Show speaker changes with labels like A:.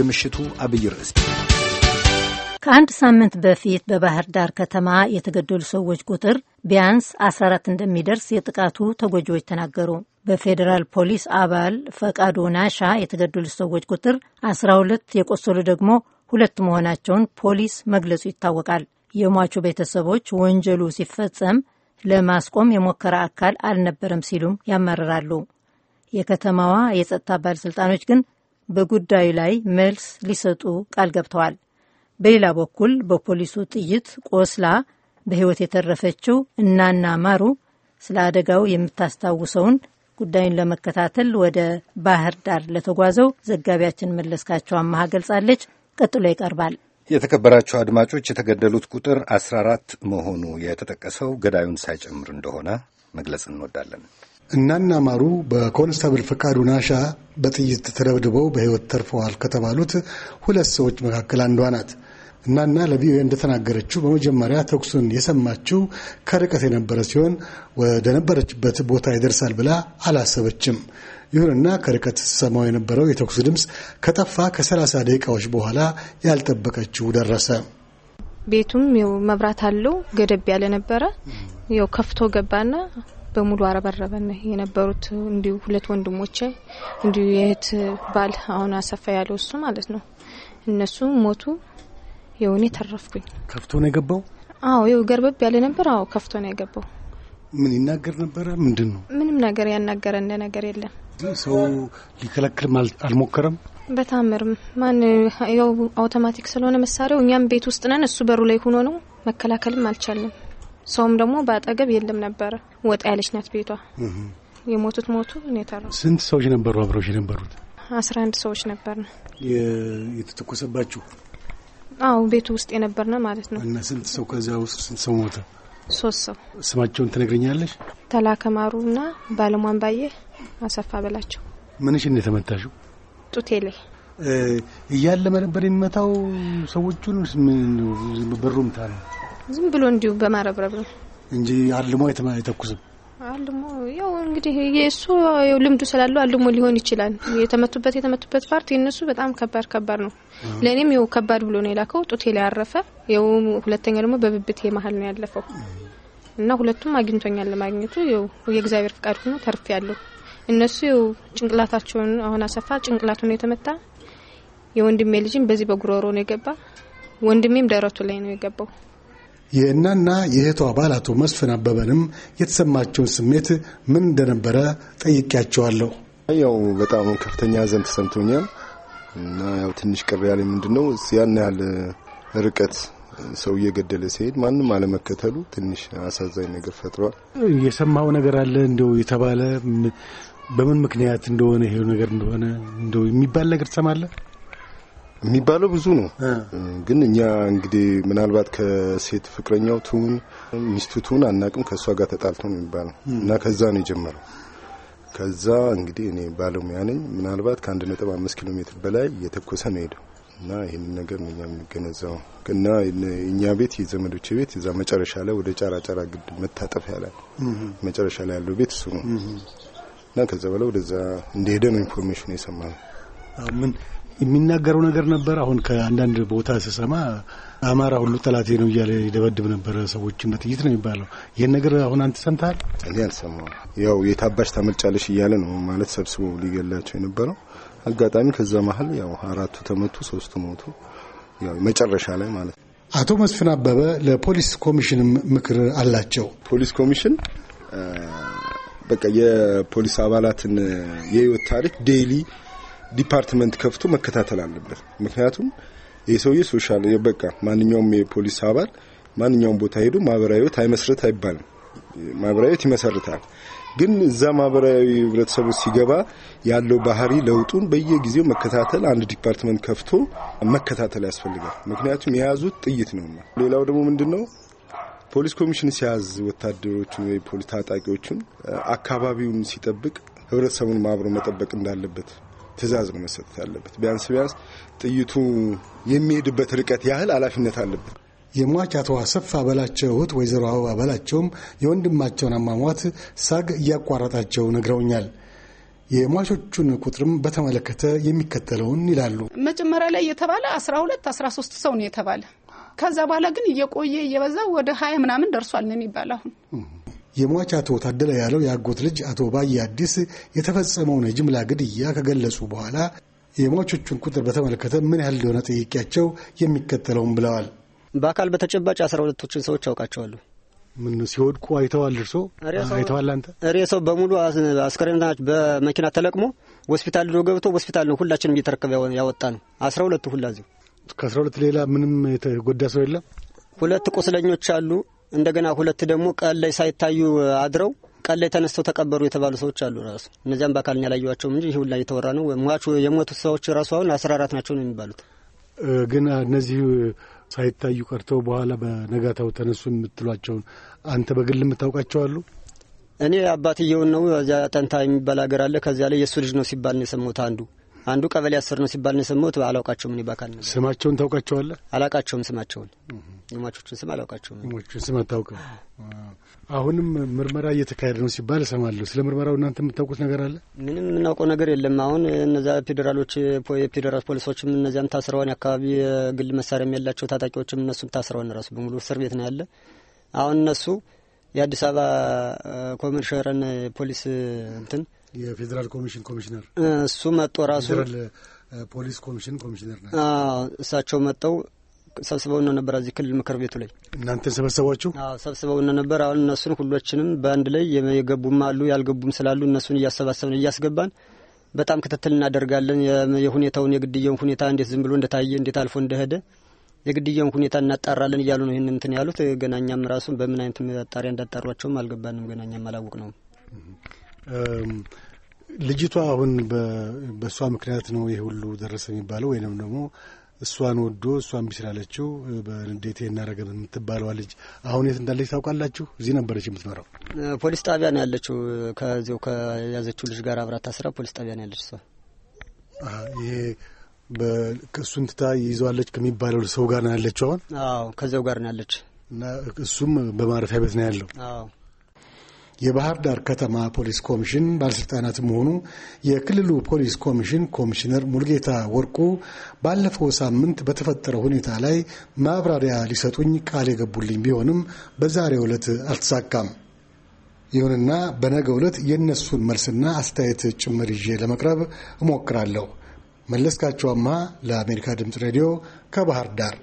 A: የምሽቱ አብይ ርዕስ
B: ከአንድ ሳምንት በፊት በባህር ዳር ከተማ የተገደሉ ሰዎች ቁጥር ቢያንስ 14 እንደሚደርስ የጥቃቱ ተጎጂዎች ተናገሩ። በፌዴራል ፖሊስ አባል ፈቃዶ ናሻ የተገደሉ ሰዎች ቁጥር 12፣ የቆሰሉ ደግሞ ሁለት መሆናቸውን ፖሊስ መግለጹ ይታወቃል። የሟቹ ቤተሰቦች ወንጀሉ ሲፈጸም ለማስቆም የሞከረ አካል አልነበረም ሲሉም ያማርራሉ። የከተማዋ የጸጥታ ባለሥልጣኖች ግን በጉዳዩ ላይ መልስ ሊሰጡ ቃል ገብተዋል። በሌላ በኩል በፖሊሱ ጥይት ቆስላ በሕይወት የተረፈችው እናና ማሩ ስለ አደጋው የምታስታውሰውን ጉዳዩን ለመከታተል ወደ ባህር ዳር ለተጓዘው ዘጋቢያችን መለስካቸው አማሃ ገልጻለች። ቀጥሎ ይቀርባል።
C: የተከበራቸው አድማጮች የተገደሉት ቁጥር አስራ አራት መሆኑ የተጠቀሰው ገዳዩን ሳይጨምር እንደሆነ መግለጽ እንወዳለን። እናና ማሩ በኮንስታብል ፈቃዱ ናሻ በጥይት ተደብድበው በሕይወት ተርፈዋል ከተባሉት ሁለት ሰዎች መካከል አንዷ ናት። እናና ለቪኦኤ እንደተናገረችው በመጀመሪያ ተኩሱን የሰማችው ከርቀት የነበረ ሲሆን ወደ ነበረችበት ቦታ ይደርሳል ብላ አላሰበችም። ይሁንና ከርቀት ሰማው የነበረው የተኩሱ ድምፅ ከጠፋ ከ30 ደቂቃዎች በኋላ ያልጠበቀችው ደረሰ።
B: ቤቱም መብራት አለው ገደብ ያለ ነበረ። ያው ከፍቶ ገባና በሙሉ አረበረበን የነበሩት እንዲሁ ሁለት ወንድሞች እንዲሁ የእህት ባል አሁን አሰፋ ያለው እሱ ማለት ነው። እነሱ ሞቱ። የውኔ ተረፍኩኝ።
C: ከፍቶ ነው የገባው?
B: አዎ ይው ገርበብ ያለ ነበር። አዎ ከፍቶ ነው የገባው።
C: ምን ይናገር ነበረ? ምንድን ነው?
B: ምንም ነገር ያናገረ እንደ ነገር የለም።
C: ሰው ሊከለክልም አልሞከረም።
B: በታምርም ማን ያው አውቶማቲክ ስለሆነ መሳሪያው እኛም ቤት ውስጥ ነን። እሱ በሩ ላይ ሆኖ ነው መከላከልም አልቻለም። ሰውም ደግሞ በአጠገብ የለም ነበረ። ወጣ ያለች ናት ቤቷ። የሞቱት ሞቱ። እኔ
C: ስንት ሰዎች ነበሩ አብረውሽ የነበሩት?
B: አስራ አንድ ሰዎች ነበር ነው
C: የተተኮሰባችሁ?
B: አዎ ቤቱ ውስጥ የነበርነ ማለት ነው።
C: እና ስንት ሰው ከዚያ ውስጥ ስንት ሰው ሞተ? ሶስት ሰው። ስማቸውን ትነግረኛለሽ?
B: ተላከማሩ ና ባለሟን ባየ አሰፋ በላቸው።
C: ምንሽ እንደተመታሽው? ጡቴ ላይ እያለመ ነበር የሚመታው ሰዎቹን። በሩምታ ነው
B: ዝም ብሎ እንዲሁ በማረብረብ ነው
C: እንጂ አልሞ አይተኩስም።
B: አልሞ ያው እንግዲህ የእሱ ልምዱ ስላለው አልሞ ሊሆን ይችላል። የተመቱበት የተመቱበት ፓርት የእነሱ በጣም ከባድ ከባድ ነው። ለእኔም ይኸው ከባድ ብሎ ነው የላከው። ጡቴ ላይ ያረፈ ይኸው፣ ሁለተኛ ደግሞ በብብቴ መሀል ነው ያለፈው እና ሁለቱም አግኝቶኛል። ለማግኘቱ ይኸው የእግዚአብሔር ፍቃድ ሆኖ ተርፌ ያለሁ። እነሱ ይኸው ጭንቅላታቸውን አሁን አሰፋ ጭንቅላቱ ነው የተመታ። የወንድሜ ልጅም በዚህ በጉሮሮ ነው የገባ። ወንድሜም ደረቱ ላይ ነው የገባው።
C: የእናና የእህቱ አባል አቶ መስፍን አበበንም የተሰማቸውን ስሜት ምን እንደነበረ
A: ጠይቄያቸዋለሁ። ያው በጣም ከፍተኛ ሐዘን ተሰምቶኛል እና ያው ትንሽ ቅር ያለ ምንድን ነው ያን ያህል ርቀት ሰው እየገደለ ሲሄድ ማንም አለመከተሉ ትንሽ አሳዛኝ ነገር ፈጥሯል።
C: የሰማው ነገር አለ እንደው የተባለ በምን ምክንያት እንደሆነ ይሄው ነገር እንደሆነ እንደው የሚባል ነገር ትሰማለህ?
A: የሚባለው ብዙ ነው። ግን እኛ እንግዲህ ምናልባት ከሴት ፍቅረኛው ትሁን ሚስቱ ትሁን አናቅም፣ ከእሷ ጋር ተጣልቶ ነው የሚባለው እና ከዛ ነው የጀመረው። ከዛ እንግዲህ እኔ ባለሙያ ነኝ። ምናልባት ከአንድ ነጥብ አምስት ኪሎ ሜትር በላይ እየተኮሰ ነው ሄደው እና ይህን ነገር ነው እኛ የምንገነዘበው እና እኛ ቤት የዘመዶች ቤት እዛ መጨረሻ ላይ ወደ ጫራ ጫራ ግድ መታጠፊያ ላይ መጨረሻ ላይ ያለው ቤት እሱ ነው እና ከዛ በላይ ወደዛ እንደሄደ ነው ኢንፎርሜሽን የሰማ
C: ነው። የሚናገረው ነገር ነበር። አሁን ከአንዳንድ ቦታ ስሰማ አማራ ሁሉ ጠላቴ ነው እያለ ይደበድብ ነበረ ሰዎችን በጥይት ነው የሚባለው። ይህን ነገር አሁን አንተ ሰምተሃል?
A: እኔ አልሰማሁም። ያው የታባሽ ታመልጫለሽ እያለ ነው ማለት ሰብስቦ ሊገላቸው የነበረው አጋጣሚ። ከዛ መሀል ያው አራቱ ተመቱ፣ ሶስቱ ሞቱ። ያው መጨረሻ ላይ ማለት ነው።
C: አቶ መስፍን አበበ ለፖሊስ ኮሚሽንም ምክር አላቸው።
A: ፖሊስ ኮሚሽን በቃ የፖሊስ አባላትን የህይወት ታሪክ ዴይሊ ዲፓርትመንት ከፍቶ መከታተል አለበት። ምክንያቱም ሰውዬ ሶሻል በቃ ማንኛውም የፖሊስ አባል ማንኛውም ቦታ ሄዶ ማህበራዊ ህይወት አይመስረት አይባልም። ማህበራዊ ህይወት ይመሰርታል። ግን እዛ ማህበራዊ ህብረተሰቡ ሲገባ ያለው ባህሪ ለውጡን በየጊዜው መከታተል አንድ ዲፓርትመንት ከፍቶ መከታተል ያስፈልጋል። ምክንያቱም የያዙት ጥይት ነውና። ሌላው ደግሞ ምንድን ነው ፖሊስ ኮሚሽን ሲያዝ ወታደሮችን ወይ ፖሊስ ታጣቂዎችን አካባቢውን ሲጠብቅ ህብረተሰቡን ማብሮ መጠበቅ እንዳለበት ትእዛዝ ነው መሰጠት ያለበት። ቢያንስ ቢያንስ ጥይቱ የሚሄድበት ርቀት ያህል ኃላፊነት አለበት።
C: የሟች አቶ አሰፋ በላቸው እህት ወይዘሮ አበባ በላቸውም የወንድማቸውን አሟሟት ሳግ እያቋረጣቸው ነግረውኛል። የሟቾቹን ቁጥርም በተመለከተ የሚከተለውን ይላሉ።
B: መጀመሪያ ላይ የተባለ 12 13 ሰው ነው የተባለ። ከዛ በኋላ ግን እየቆየ እየበዛ ወደ ሀያ ምናምን ደርሷል ነው የሚባል አሁን
C: የሟች አቶ ታደለ ያለው የአጎት ልጅ አቶ ባይ አዲስ የተፈጸመውን የጅምላ ግድያ ከገለጹ በኋላ የሟቾቹን ቁጥር በተመለከተ ምን ያህል እንደሆነ ጠይቄያቸው የሚከተለውን ብለዋል።
D: በአካል በተጨባጭ አስራ ሁለቶችን ሰዎች አውቃቸዋለሁ።
C: ምን ሲወድቁ አይተዋል? እርሶ አይተዋል? አንተ
D: ሬሳው በሙሉ አስከሬናች በመኪና ተለቅሞ ሆስፒታል ድሮ ገብቶ ሆስፒታል ነው ሁላችንም እየተረከበ ያወጣ ነው። አስራ ሁለቱ ሁላ እዚሁ።
C: ከአስራ ሁለት ሌላ ምንም የተጎዳ ሰው የለም።
D: ሁለት ቁስለኞች አሉ። እንደገና ሁለት ደግሞ ቀን ላይ ሳይታዩ አድረው ቀን ላይ ተነስተው ተቀበሩ የተባሉ ሰዎች አሉ። ራሱ እነዚያም በአካል ያላየኋቸውም እንጂ ይሁን ላይ የተወራ ነው። ሟቹ የሞቱት ሰዎች ራሱ አሁን አስራ አራት ናቸው ነው የሚባሉት።
C: ግን እነዚህ ሳይታዩ ቀርተው በኋላ በነጋታው ተነሱ የምትሏቸውን አንተ በግል የምታውቃቸው አሉ?
D: እኔ አባትየውን ነው እዚያ ጠንታ የሚባል ሀገር አለ። ከዚያ ላይ የእሱ ልጅ ነው ሲባል ነው የሰሙት አንዱ አንዱ ቀበሌ አስር ነው ሲባል ነው የሰማሁት። አላውቃቸውም። እኔ በአካል ነበር።
C: ስማቸውን ታውቃቸዋለ?
D: አላውቃቸውም። ስማቸውን የሟቾቹን ስም አላውቃቸውም። የሟቾቹን
C: ስም አታውቅም። አሁንም ምርመራ እየተካሄደ ነው ሲባል እሰማለሁ። ስለ ምርመራው እናንተ የምታውቁት ነገር አለ?
D: ምንም የምናውቀው ነገር የለም። አሁን እነዛ ፌዴራሎች የፌዴራል ፖሊሶችም እነዚያም ታስረዋን የአካባቢ የግል መሳሪያም ያላቸው ታጣቂዎችም እነሱም ታስረዋን ራሱ በሙሉ እስር ቤት ነው ያለ አሁን እነሱ የአዲስ አበባ ኮሚሽነር ፖሊስ እንትን የፌዴራል ኮሚሽን ኮሚሽነር እሱ መጦ ራሱ
C: ፖሊስ ኮሚሽን ኮሚሽነር
D: ነ እሳቸው መጥተው ነው ነበር። እዚህ ክልል ምክር ቤቱ ላይ እናንተን ሰበሰቧችሁ? ነው ነበር። አሁን እነሱን ሁሎችንም በአንድ ላይ የገቡም አሉ ያልገቡም ስላሉ እነሱን እያሰባሰብን እያስገባን በጣም ክትትል እናደርጋለን። የሁኔታውን የግድያውን ሁኔታ እንዴት ዝም ብሎ እንደታየ እንዴት አልፎ እንደሄደ የግድያውን ሁኔታ እናጣራለን እያሉ ነው። ይህን እንትን ያሉት ገናኛም ራሱን በምን አይነት ጣሪያ እንዳጣሯቸውም አልገባንም። ገናኛም አላወቅ ነው
C: ልጅቷ አሁን በእሷ ምክንያት ነው ይህ ሁሉ ደረሰ የሚባለው ወይንም ደግሞ እሷን ወዶ እሷን ቢስላለችው በንዴቴ እናረገ የምትባለዋ ልጅ አሁን የት እንዳለች ታውቃላችሁ? እዚህ ነበረች የምትኖረው።
D: ፖሊስ ጣቢያ ነው ያለችው። ከዚው ከያዘችው ልጅ ጋር አብራት ታስራ ፖሊስ ጣቢያ ነው ያለች። እሷ
C: ይሄ እሱን ትታ ይዘዋለች ከሚባለው ሰው ጋር ነው ያለችው አሁን።
D: አዎ ከዚያው ጋር ነው ያለች እና
C: እሱም በማረፊያ ቤት ነው ያለው። አዎ የባህር ዳር ከተማ ፖሊስ ኮሚሽን ባለስልጣናት መሆኑ የክልሉ ፖሊስ ኮሚሽን ኮሚሽነር ሙልጌታ ወርቁ ባለፈው ሳምንት በተፈጠረው ሁኔታ ላይ ማብራሪያ ሊሰጡኝ ቃል የገቡልኝ ቢሆንም በዛሬው ዕለት አልተሳካም። ይሁንና በነገ ዕለት የእነሱን መልስና አስተያየት ጭምር ይዤ ለመቅረብ እሞክራለሁ። መለስካቸዋማ ለአሜሪካ ድምፅ ሬዲዮ ከባህር ዳር